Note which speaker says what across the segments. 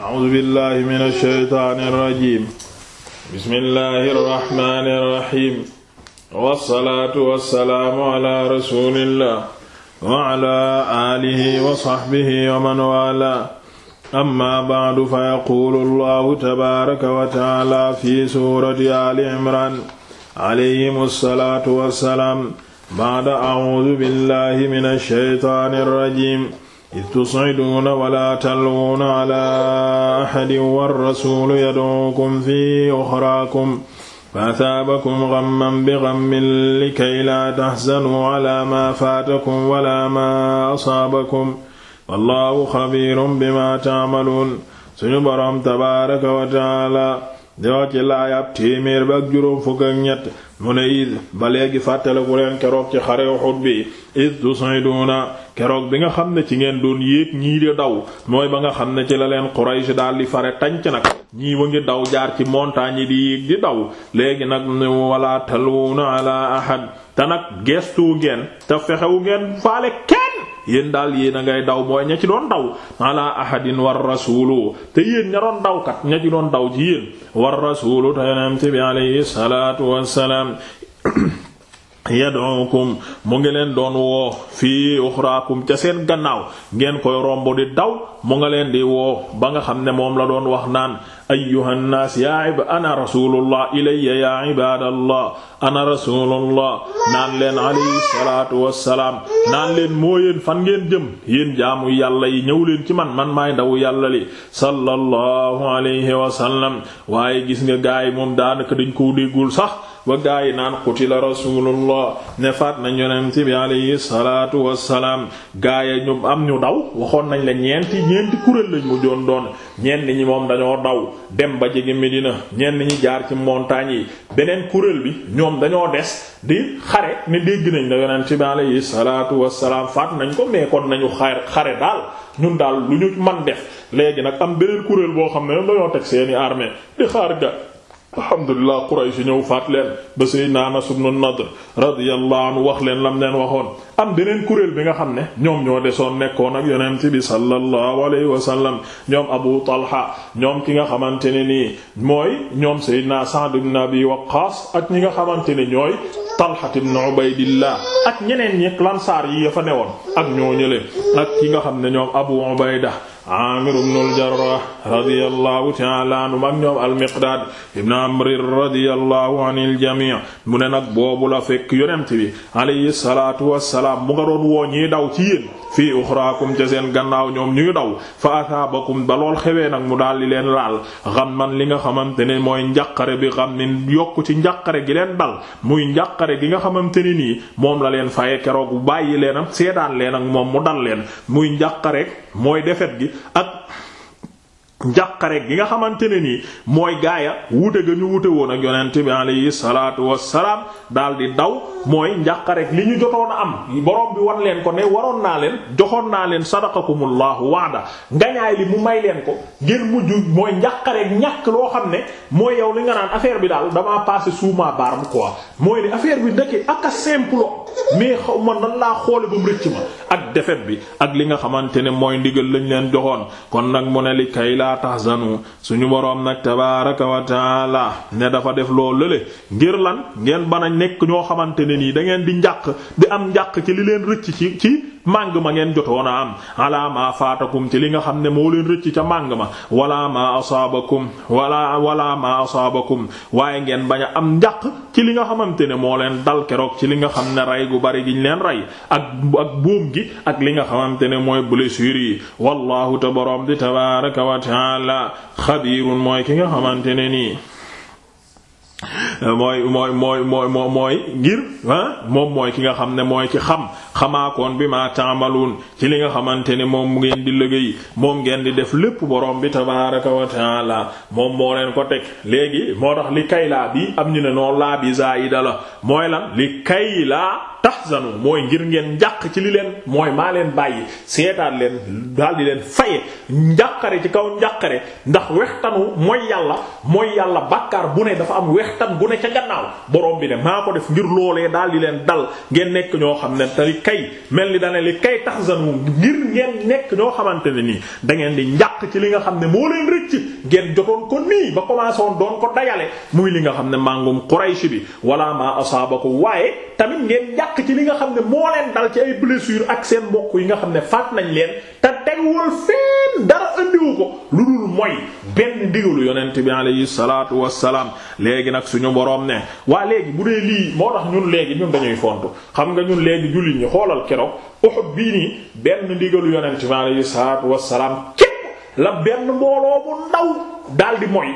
Speaker 1: a'uuzu billaahi mina shaytaani rajiim bismillaahi rahmaani rahiim wassalaatu wassalaamu alaa rasuulillaah wa alaa aalihi wa sahbihi wa man waalaa ammaa ba'du fa yaquulu allaahu tabaaraka wa ta'aalaa fi suurati aali imraan alayhimu salaatu wassalaam ba'da a'uuzu billaahi mina shaytaani rajiim id tusiduuna wala talwuuna ala axadin warrasulu yadcuukum fi uxraakum fa asaabakum gamman bi gammin likay laa taxzanuu ala maa faatakum wala maa asaabakum wallaahu xabiirun bimaa tacmaluun suñu boroom tabaaraka wa tacaala doo ci laayab téeméer ba ak juróom fukk ak ñett mu ne id ba léegi fàttale ku leen keroog ci xare Uhud bi id na keroog bi nga xam ne ci ngeen doon yéeg ñii di daw mooy ba nga xam ne ci la leen Quraysh daal di fare tànc nag ñii wa ngi daw jaar ci montagne yi di yéeg di daw léegi nag wala talwuna ala ahad te nag geestu ngeen te fexewu ngeen faale kenn yéen daal yéen a ngay daw mooy ña ci doon daw ala ahadin war rasulu te yéen ña doon kat ña ci doon daw ci yéen war rasulu te yonent bi alayhi salaatu wassalaam yad'ukum mu ngi leen doon woo fii uxraakum ca seen gannaaw ngeen koy romb di daw mu nga leen di woo ba nga xam ne moom la doon wax naan ayyuhan naas yaa ib ana rasulullah ilayya yaa ibadallah ana rasulullah naan leen alayhi salaatu wassalaam naan leen moo yéen fan ngeen jëm yéen jaamu yàlla yi ñëw leen ci man man maay ndawu yàlla li sallallahu alayhi wa waaye gis nga gaay moom daanaka dañ ko déggul sax wa gaa yi naan qutila rasulullah ne faat nañ yonent bi alayhi salaatu wassalaam gaa yi ñu am ñu daw waxoon nañ la ñeenti ñeenti kuréel lañ mu joon doon ñenn ñi moom dañoo daw dem ba jege Medina ñenn ñi jaar ci montagnes yi beneen kuréel bi ñoom dañoo des di xare ne dégg nañ la yonent bi alayhi salaatu wassalaam faat nañ ko mais kon nañu xare xare daal ñun daal lu ñu man def léegi nag am beneen kuréel boo xam ne dañoo teg seeni armée di xaar ga alhamdulilah Quraysh ñëw faat leen ba Seydina Anas ibn Nadr radiyallahu anhu wax leen lam leen waxoon am beneen kuréel bi nga xam ne ñoom ñoo desoon nekkoon ak yonent bi sallallahu alayhi wa sallam ñoom Abu Talha ñoom ki nga xamante ne nii mooy ñoom Seydina Sa'd ibn Abi Waqqas ak ñi nga xamante ne ñooy Talha ibn Ubaydillah ak ñeneen ñi lansaar yi ya fa woon ak ñoo ñële ak ki nga xam ne ñoom Abu Ubayda Aamir ibn al-Jarrah radiyallahu ta'ala ñoom al ibn Amr radiyallahu anil jamii mu ne nag boobu la fekk yonent bi alayhi salaatu wassalaam mu nga doon woo ñii daw ci yéen fii uxraakum ca seen gannaaw ñoom ñuy daw fa asaabakum ba lool xewee nag mu daal di leen laal ghamman li nga xamante ne mooy njàqare bi ghammin yokk ci njàqare gi leen dal muy njàqare gi nga xamante ni nii moom la leen faye keroog bàyyi leen ak seedaan leen ak moom mu dal leen muy njàqare mooy defet gi ak njàqare gi nga xamante ne nii mooy gaaya wuute ga ñu wuute woon ak yonent bi alayhi salaatu salaam daal di daw mooy njàqare li ñu jotoon a am borom bi wan leen ko ne waroon naa leen joxoon naa leen sadaqakumullahu waada ngañaay li mu may leen ko ngeen mujj mooy njàqare ñàkk loo xam ne mooy yow li nga naan affaire bi daal damaa passé sous ma barbe quoi mooy ne affaire bi ndeke ak a simple xaw ma nan laa xoole ba mu rëcc ma ak defet bi ak li nga xamante ne mooy ndigal lañ leen joxoon kon nag mu ne li kay la wala tahzanu suñu woroom nag tabaaraka wa taala ne dafa def loo lële ngir lan ngeen bana nekk ñoo xamante ne nii da ngeen di njàq di am njàq ci li leen rëcc ci ci màng ma ngeen jotoon a am ala faatakum ci li nga xam ne moo leen rëcc ca màng ma wala ma asaabakum wala wala ma asaabakum waaye ngeen bañ a am njaq ci li nga xamante ne moo leen dal keroog ci li nga xam ne rey gu bari giñ leen rey ak ak buum gi ak li nga xamante ne mooy blessure yi wallahu te borom di tabaraka wa taala xabirun mooy ki nga xamante ne nii Euh, mooy mooy mooy mooy moo mooy ngir ah moom mooy ki nga xam ne mooy ci xam xamaakoon bi maa taamaluun ci li nga xamante ne moom mu ngeen di liggéey moom ngeen di def lépp borom bi tabaaraka wa taala moom moo leen ko teg léegi moo tax li kay laa bi am ñu ne noonu laa bi zaida la mooy lan li kay tahzanu mooy ngir ngeen njàq ci li leen mooy maa leen bàyyi seetaan leen daal di leen faye njàqare ci kaw njàqare ndax wextanu mooy yàlla mooy yàlla bàkkaar bu ne dafa am wextan bu ne ca gannaaw borom bi ne maa ko def ngir loolee daal di leen dal ngeen nekk ñoo xam ne te kay mel ni dane li kay tahzanu ngir ngeen nekk ñoo xamante ne nii da ngeen di njàq ci li nga xam ne moo leen rëcc ngeen jotoon ko nii ba commencé woon doon ko dayale muy li nga xam ne màngum Quraysh bi wala ma asaabakum waaye tamit ngeen njàq ci ci li nga xam ne moo leen dal ci ay blessure ak seen mbokk yi nga xam ne faat nañ leen te teguwul fenn dara andiwu ko lu dul mooy benn ndigalu yonent bi alayhi salaatu wassalaam léegi nag suñu boroom ne waa léegi bu dee lii moo léegi ñun dañuy fontu xam nga ñun léegi jullit ñu xoolal keroog bii nii benn ndigalu yonent bi alayhi salaatu wassalaam la benn mbooloo bu ndaw daal di mooy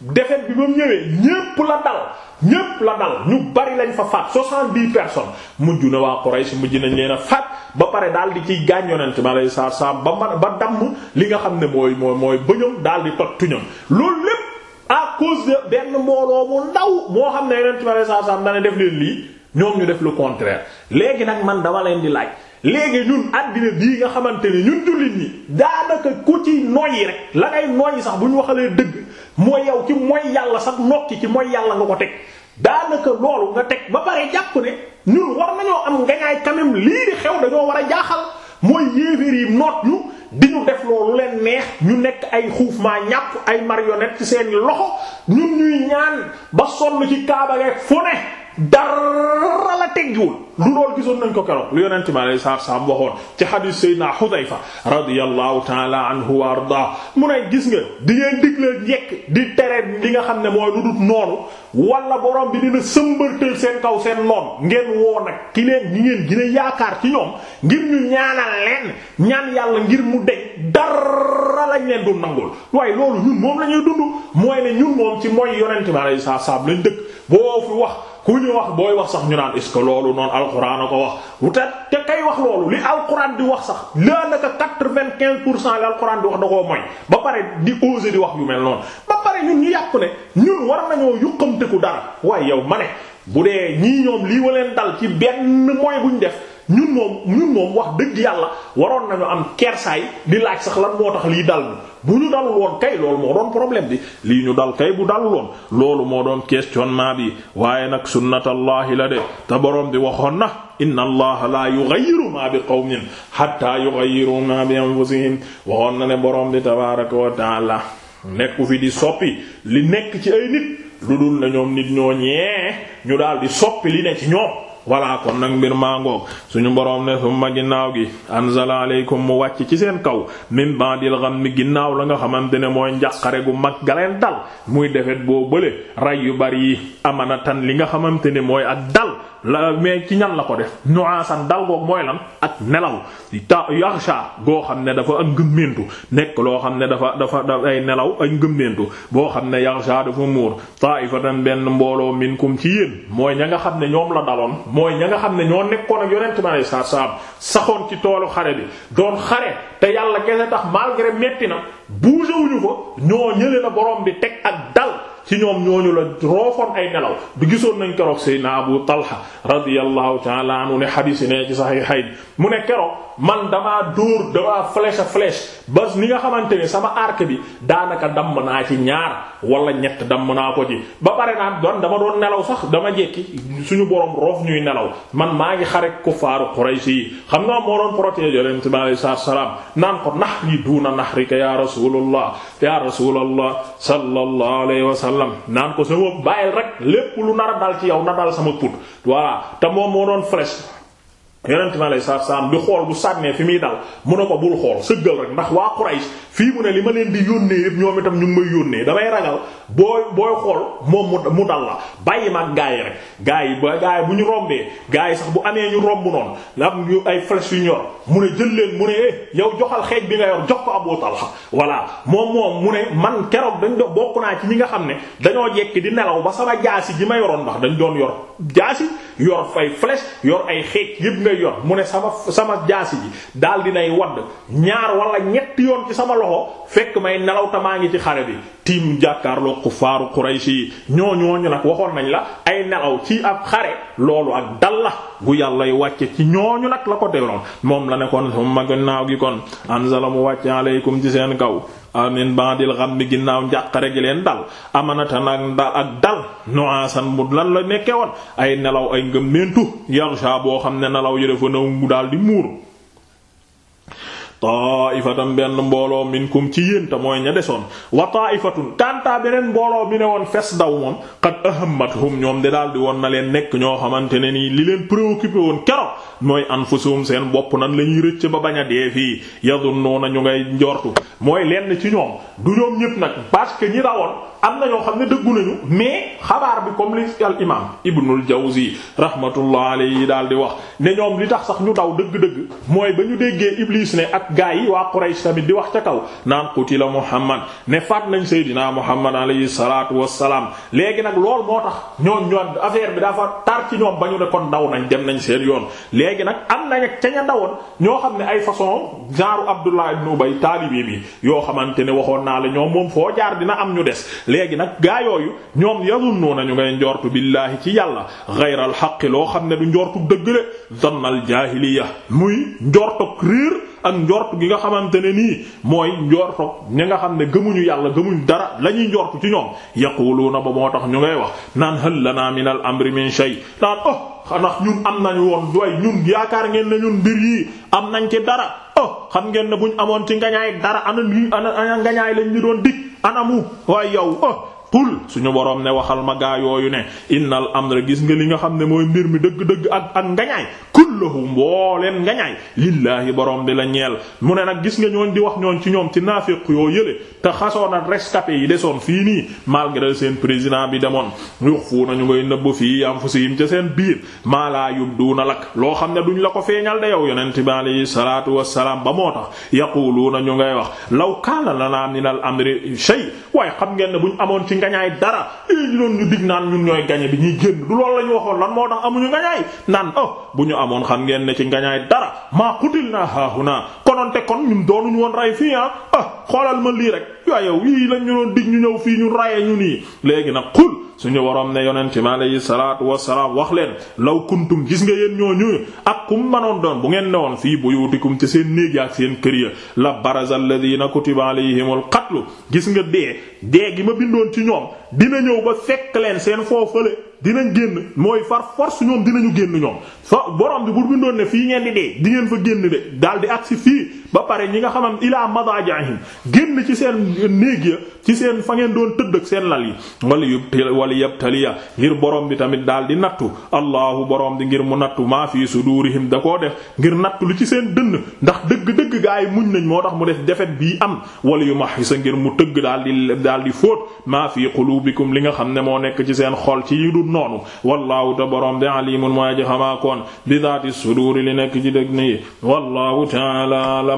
Speaker 1: defet bi ba mu ñëwee ñépp la dal ñépp la dal ñu bari lañ fa faat soixante-dix personnes mujj na waa Quraysh mujj nañ leen a ba pare daal di ciy gaañ yonent ma lay saar saam ba man ba damm li nga xam ne mooy mooy mooy bëñam daal di toj tuñam loolu lépp à cause de benn mbooloo mu ndaw moo xam ne yonent ma lay saar saam dana def leen lii ñoom ñu def lu contraire léegi nag man dama leen di laaj léegi ñun àddina bii nga xamante ni ñun jullit ñi daanaka ku ci noyyi rek la ngay noyyi sax bu mooy yow ci mooy yàlla sax nokki ci mooy yàlla nga ko teg daanaka loolu nga teg ba pare jàpp ne ñun war nañoo am ngañaay quand même lii di xew dañoo war a jaaxal mooy yéeféer yi noot ñu di ñu def loolu leen neex ñu nekk ay xuuf maa ñàpp ay marionnette ci seen loxo ñun ñuy ñaan ba sonn ci kaaba fu dara la teggiwul lu lool gisoon nañ ko keroog lu yonente mi alayhi salaatu salaam waxoon ci xadiis Seydina Xudayfa radiyallahu taala anhu wa ardaa mu ne gis nga di ngeen digle yekk di tere li nga xam ne mooy lu dut noonu wala borom bi dina sëmbarteel seen kaw seen noon ngeen woo nag ki leen ñi ngeen gën yaakaar ci ñoom ngir ñu ñaanal leen ñaan yàlla ngir mu de dara lañ leen du nangul waaye loolu ñun moom la ñuy dund mooy ne ñun moom ci mooy yonente dëkk boo fi ku ñu wax booy wax sax ñu naan est ce que loolu noonu alxuraan a ko wax wute te kay wax loolu li alxuraan di wax sax laa naka quatre-vingt-quinze pour cent li alxuraan di wax da koo mooy ba pare di oser di wax yu mel noonu ba pare ñun ñu yàpp ne ñun war nañoo yuqamteku dara waaye yow ma ne bu dee ñii ñoom lii waleen dal ci benn mooy ñu def ñun moom ñun moom wax dëgg yàlla waroon nañu am kersaay di laaj sax lan moo tax lii dal ñu bu ñu dal woon kay loolu moo doon problème bi lii ñu dal kay bu dal woon loolu moo doon questionnement bi waaye nag sunnatallahi la de te boroom bi waxoon na inna allaha yu yughayyiru ma bi qawmin hatta yughayyiru ma bi anfusihim waxoon na ne boroom bi tabaaraka wa ta'ala nekku fi di soppi li nekk ci ay nit lu dul na ñoom nit ñoo ñee ñu daal di soppi li ne voilà kon nag mbir maa suñu boroom ne summa ginnaaw gi anzala aleykum mu wàcc ci seen kaw min ba'dil ghammi ginnaaw la nga xamante ne mooy njàqare gu mag galeen dal muy defet boo bële ray yu bari yi amanatan li nga xamante ne mooy ak dal la mais ci ñan la ko def nu'aasan dal goog mooy lan ak nelaw ta yaxsha goo xam ne dafa am ngëmmentu nekk loo xam ne dafa dafa da ay nelaw ak ngëmmentu boo xam ne yaxsha dafa muur taifatan benn mbooloo minkum ci yéen mooy ña nga xam ne ñoom la daloon mooy ña nga xam ne ñoo nekkoon ak yonent ma lay saar saab saxoon ci toolu xare bi doon xare te yàlla gese tax malgré metti na bougé wuñu ko ñoo ñële la borom bi teg ak dal ci ñoom ñooñu la roofoon ay nelaw du gisoon nañ keroog Seydina Abu Talha radiyallahu ta'ala anhu ne xadiis yi ne ci saxiixayn mu ne keroog man dama dóor damaa flèche à flèche ba ni nga xamante ne sama arc bi daanaka damm naa ci ñaar wala ñett damm naa ko ba pare naa doon doon nelaw sax dama jekki suñu borom roof ñuy nelaw man maa ngi xare kuffaaru Quraysh yi xam nga moo doon protéger Yonent bi alayhi salaam naan ko nahri duuna nahrika ya rasulullah ya rasulullah sallallahu alayhi wa sallam wasallam naan ko sama bàyyil rek lépp lu nar a dal ci yow na dal sama put voilà te moom moo doon flèche yonent mi aleyhi salaatu salaam di xool bu sànnee fi muy dal mu ne ko bul xool sëggal rek ndax waa Quraysh fii mu ne li ma leen di yónnee yëpp ñoom itam ñu ngi may yónnee damay ragal booy booy xool moom mu mu dal la bàyyi mag gaay yi rek yi ba gaa yi bu ñu rombee gaa yi sax bu amee ñu romb noonu la am ñu ay flèches yu ñor mu ne jël leen mu ne eh yow joxal xeej bi nga yor jox ko Abu Talha voilà moom moom mu ne man keroog dañ doon bokk naa ci ñi nga xam ne dañoo jekki di nelaw ba sama jaasi ji ma yoroon ndax dañ doon yor jaasi yor fay flèche yor ay xeec yëpp ngay yor mu ne sama sama jaasi ji daal dinay wadd ñaar wala ñetti yoon ci sama loxo fekk may nelaw maa ngi ci xare bi tiim jàkkaarloo kuffaaru Quraysh yi ñoo ñooñu nag waxoon nañ la ay nelaw ci ab xare loolu ak dal la gu yàlla wàcce ci ñooñu nag la ko delloon moom la nekkoon kon summa ginnaaw gi kon anzala mu wàcce aleykum ci seen kaw amin bandil xam bi ginnaaw njàqare gi leen dal amanatan ak dal ak dal nu'asan mu lan la nekkee woon ay nelaw ay ngëm nentu yarsha boo xam ne nelaw yi dafa naw daal di muur taaifatam benn mbooloo minkum ci yéen mooy ña desoon wa taaifatun kanta beneen mbooloo bi ne woon fes daw moom qad ahammathum ñoom de daal di woon na leen nekk ñoo xamante ne nii li leen préoccupé woon keroog mooy anfusuhum seen bopp nan la ñuy rëcc ba bañ a dee fii yadunnuuna ñu ngay njortu mooy lenn ci ñoom du ñoom ñépp nag parce que ñi rawoon am na ñoo xam ne dëggu nañu mais xabaar bi comme li al imam ibnul jawzi rahmatullah alayhi daal di wax ne ñoom li tax sax gaa yi waa Quraysh tamit di wax ca kaw naan qutila Muhammad ne faat nañ Seydina Muhammad alayhi salaatu wassalaam léegi nag loolu moo tax ñoom ñoom affaire bi dafa tar ci ñoom ba ñu ne kon daw nañ dem nañ seen yoon léegi nag am na nag ca ña dawoon ñoo xam ne ay façon genre Abdullah ibn Ubay taalibi bi yoo xamante ne waxoon naa la ñoom moom foo jaar dina am ñu des léegi nag gaa yooyu ñoom yazunnuuna ñu ngay njortu billaahi ci yàlla ghayral haqqi loo xam ne du njortu dëgg le dannal jaahiliya muy njortok njort gi nga xamante ne nii mooy njortoog ñi nga xam ne gëmuñu yàlla gëmuñu dara la ñuy njort ci ñoom na ba moo tax ñu ngay wax naan hal lana min al amri min shay naan oh xanaa ñun am nañu woon doy ñun yaakaar ngeen ne ñun mbir yi am nañ ci dara o oh, xam ngeen ne buñ amoon ci ngañaay dara ana ana ngañaay lañ ñu doon dig anamu waaye yow oh qul suñu boroom ne waxal ma yooyu ne innal amra gis nga li nga xam ne mooy mbir mi dëgg-dëgg ak ak ngañaay kullahu mbooleen ngañaay lillaahi boroom bi la ñeel mu ne nag gis nga ñooñ di wax ñooñ ci ñoom ci naafiq yoo yële te xasoon ak rescapé yi desoon fii nii malgré seen président bi demoon yux fu nañu ngay nëbb fii anfusihim ca seen biir maa laa du na lak loo xam ne duñ la ko feeñal de yow yonent bi alayhi salaatu wassalaam ba moo tax yaquluuna ñu ngay wax law kaana lanaa minal amri shay waaye xam ngañaay dara i ñu doon ñu dig naan ñun ñooy gañe bi ñuy génn du loolu la ñu waxoon lan moo tax amuñu ngañaay naan oh bu ñu amoon xam ngeen ne ci ngañaay dara maa xutil naa haahuna kononte kon ñun doonuñu woon ray fii ah ah xoolal ma lii rek waaye yow yii lañ doon dig ñu ñëw fii ñu raye ñu nii léegi nag xul suñu waroom ne yonente mi alayhi salaatu wassalaam wax leen law kuntum gis nga ñoo ñooñu ak kum manoon doon bu ngeen newoon fii buyuutikum ci seen néeg ak seen kër ya la baraza alladhina kutiba alayhimul qatlu gis nga dee dee gi ma bindoon ci ñoom dina ñëw ba fekk leen seen foofale dinañ génn mooy far force ñoom dinañu génn ñoom fa borom bi bu bindoon ne fii ngeen di dee di ngeen fa génn de daal di agsi fii ba pare ñi nga xamam ilaa madajahim génn ci seen néeg ya ci seen fa ngeen doon tëdd ak seen lal yi wala yëpp wala yëpp taliya ngir borom bi tamit daal di nattu allahu borom bi ngir mu nattu maa fii sudurihim da koo def ngir nattu lu ci seen dënn ndax dëgg-dëgg gaa ay muñ nañ moo tax mu def defet bii am wala yu max sa ngir mu tëgg daal di daal di fóot maa fii qulubikum li nga xam ne moo nekk ci seen xol ci yu noonu wallahu te borom bi alimun mooy aji xamaa koon bi daati suduri li nekk ci dëgg ni wallahu ta'ala